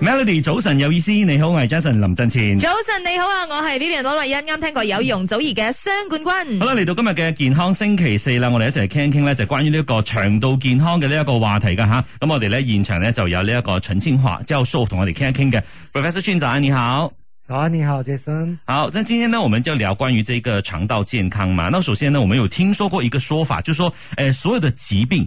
Melody，早晨有意思，你好，我係 Jason 林振前。早晨你好啊，我係 B B 林麗欣，啱聽過有容祖兒嘅雙冠軍。好啦，嚟到今日嘅健康星期四啦，我哋一齊嚟傾一傾咧，就是、關於呢一個腸道健康嘅呢一個話題噶吓。咁、啊、我哋咧現場咧就有呢一個陳清華，即係有舒同我哋傾一傾嘅。Professor，Chuen，仔你好。早安，你好，你好，Jason。好，那今天呢，我們就聊關於呢一個腸道健康嘛。那首先呢，我們有聽說過一個說法，就是、說誒、呃，所有的疾病。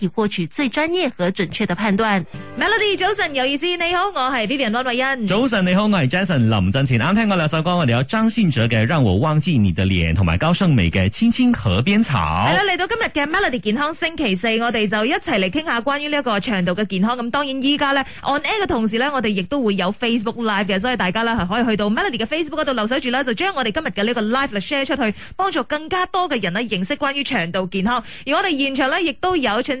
以獲取最專業和準確嘅判斷。Melody，早晨有意思，你好，我係 Vivian 安慧欣。早晨你好，我係 Jason 林振前。啱聽過兩首歌，我哋有張信哲嘅《讓我忘記你的臉》同埋高勝美嘅《青青河邊草》。係啦，嚟到今日嘅 Melody 健康星期四，我哋就一齊嚟傾下關於呢一個腸道嘅健康。咁當然依家咧 on air 嘅同時咧，我哋亦都會有 Facebook Live 嘅，所以大家啦可以去到 Melody 嘅 Facebook 嗰度留守住啦，就將我哋今日嘅呢個 live 嚟 share 出去，幫助更加多嘅人啊認識關於腸道健康。而我哋現場呢，亦都有請。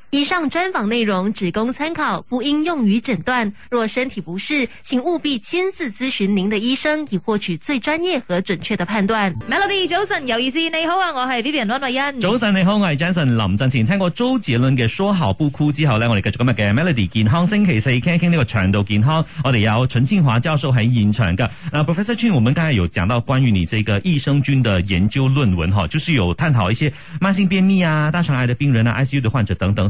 以上專訪內容只供參考，不應用於診斷。若身體不適，請務必親自諮詢您的醫生，以獲取最專業和準確的判斷。Melody，早晨有意思，你好啊，我係 v i v i a n l Wan Wan。早上你好，我係 j o h n s o n。臨進前聽過周杰倫嘅《說好不哭》之後咧，我哋繼續今日嘅 Melody 健康星期四，傾一傾呢個腸道健康，我哋有陳千華教授喺現場噶。嗱，Professor Chuan，我們今日有講到關於你呢個嘅益生菌的研究論文，哈，就是有探討一些慢性便秘啊、大腸癌的病人啊、ICU 的患者等等。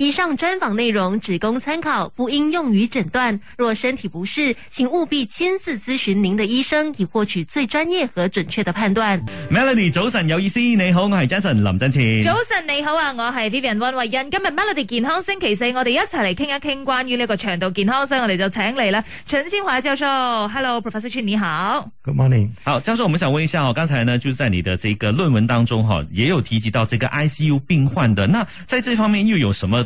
以上專訪內容只供參考，不應用於診斷。若身體不適，請務必親自諮詢您的醫生，以獲取最專業和準確的判斷。Melody，早晨有意思，你好，我是 Jason 林振前。早晨你好啊，我是 Vivian 溫慧欣。今日 Melody 健康星期四，我哋一齊嚟傾一傾關於呢個腸道健康，所以我哋就請嚟啦陳先華教授。Hello，Professor Chen，你好。Good morning。好，教授，我們想問一下，哦，剛才呢，就是在你的這個論文當中，哈，也有提及到這個 ICU 病患的，那在這方面又有什麼？